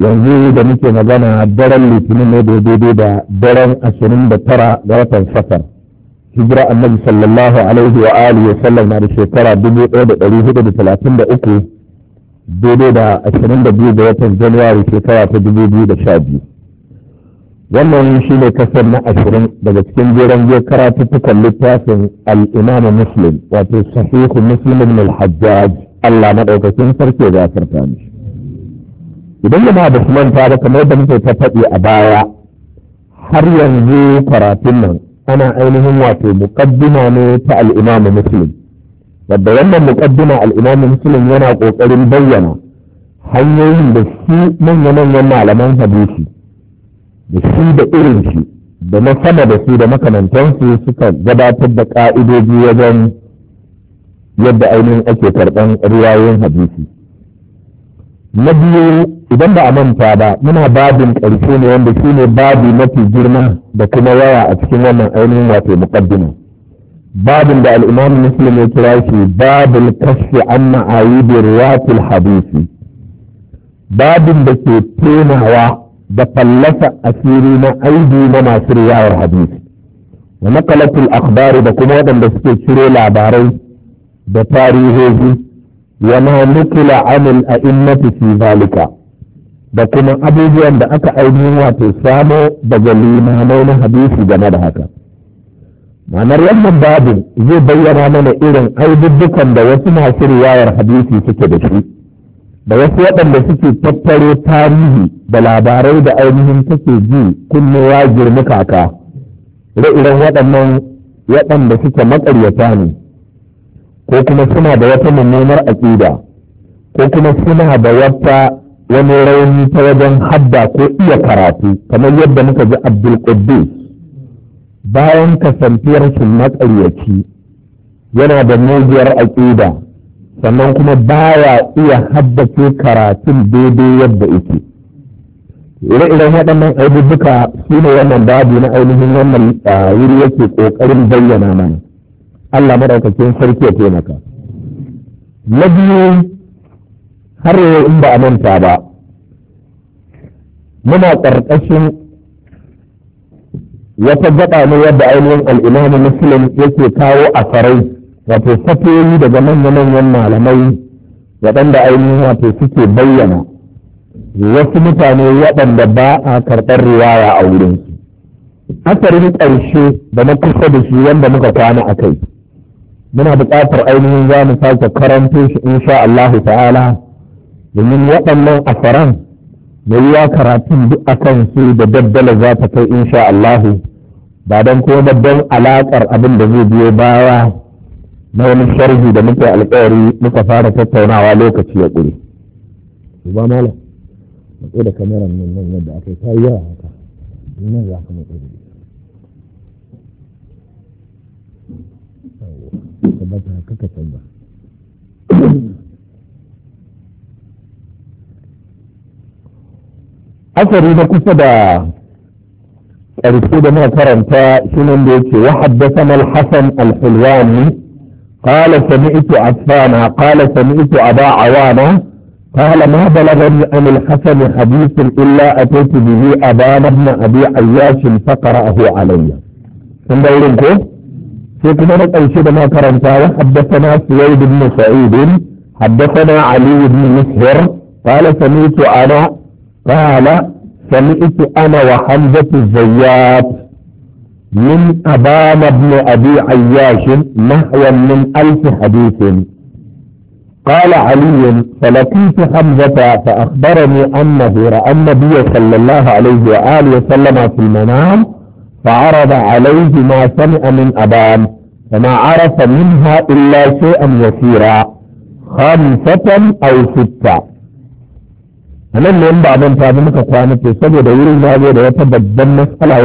yanzu da muke magana daren litinin ne da daidai da daren ashirin da tara ga watan safar hijira annabi sallallahu alaihi wa alihi wa sallam na da shekara dubu ɗaya da ɗari hudu da talatin da uku daidai da ashirin da biyu ga watan januwari shekara ta dubu biyu da sha biyu wannan shi ne kasar na ashirin daga cikin jeren je karatuttukan littafin al'imam muslim wato sahihu muslim al-hajjaj allah maɗaukakin sarki ya gafarta mishi idan yana da su manta da kamar da muke ta faɗi a baya har yanzu karatun nan ana ainihin wato muƙaddima ne ta al'imamu musulun wadda wannan muƙaddima al'imamu musulun yana ƙoƙarin bayyana hanyoyin da su manya-manyan malaman hadisi da shi da irin shi da na sama da su da makamantansu suka gabatar da ƙa'idoji wajen yadda ainihin ake karɓan riwayoyin hadisi na biyu idan ba a manta ba muna babin ƙarshe ne wanda shi ne babi mafi girma da kuma waya a cikin wannan ainihin wato muqaddima babin da al'imam muslim ya kira shi babul kashfi an ma'ayibi riwatul hadisi babin da ke tonawa da fallasa asiri na aibi na masu riwayar hadisi wa nakalatul akhbari da kuma waɗanda suke ciro labarai da tarihohi wa ma nukila anil a'immati fi da kuma abubuwan da aka ainihin wato samo daga limamai na hadisi game da haka ma'anar wannan babin zai bayyana mana irin aibubbukan da wasu masu riwayar hadisi suke da shi da wasu waɗanda suke tattaro tarihi da labarai da ainihin take ji kunnuwa girmi kaka ire waɗannan waɗanda suke maƙaryata ne ko kuma suna da wata mummunar aƙida ko kuma suna da wata wani rauni ta wajen hadda ko iya karatu kamar yadda muka ji abdul quddus bayan kasantuwar shi matsaryaci yana da mugiyar aƙida sannan kuma baya iya haddace karatun daidai yadda yake ire-iren waɗannan abubuwa su ne wannan babu na ainihin wannan ah, wuri yake ƙoƙarin bayyana mana Allah maɗaukakin sarki ya taimaka na biyu har yau in ba a manta ba muna ƙarƙashin wata gaba ne yadda ainihin al'imamu muslim yake kawo a farai wato fatoyi daga manya-manyan malamai waɗanda ainihin wato suke bayyana wasu mutane waɗanda ba a karɓar riwaya a wurin. asarin ƙarshe da na kusa da shi wanda muka kwana a kai muna buƙatar ainihin za mu sake karanto shi sha Allah ta'ala domin waɗannan faran da yiwa karatun duk akan su da daddala za ta kai sha Allah ba don kuma don alaƙar abin da zai biyo bawa na wani sharhi da muke alƙawari muka fara tattaunawa lokaci ya ƙuri. tabbata haka ka tsalla asari na kusa da ƙarshe da muka karanta shi nan da yake wa haddathana al-hasan al-hulwani قال سمعت عفان قال سمعت أبا عوانا قال ما بلغني عن الحسن حديث إلا أتيت به أبان بن أبي عياش فقرأه علي. kun da wurin ko sai kuma na ƙarshe da makaranta wa haddasana suwaid bin sa'id haddasana ali bin musher qala sami'tu ana qala sami'tu ana wa hamzatu zayyat من أبان بن أبي عياش نحو من ألف حديث قال علي فلقيت حمزة فأخبرني أنه رأى النبي صلى الله عليه وآله وسلم في المنام فعرض عليه ما سمع من أبان فما عرف منها إلا شيئا يسيرا خمسة أو ستة أنا من بعض الفاضل كقوانا في السجد يريد هذا يتبدل مسألة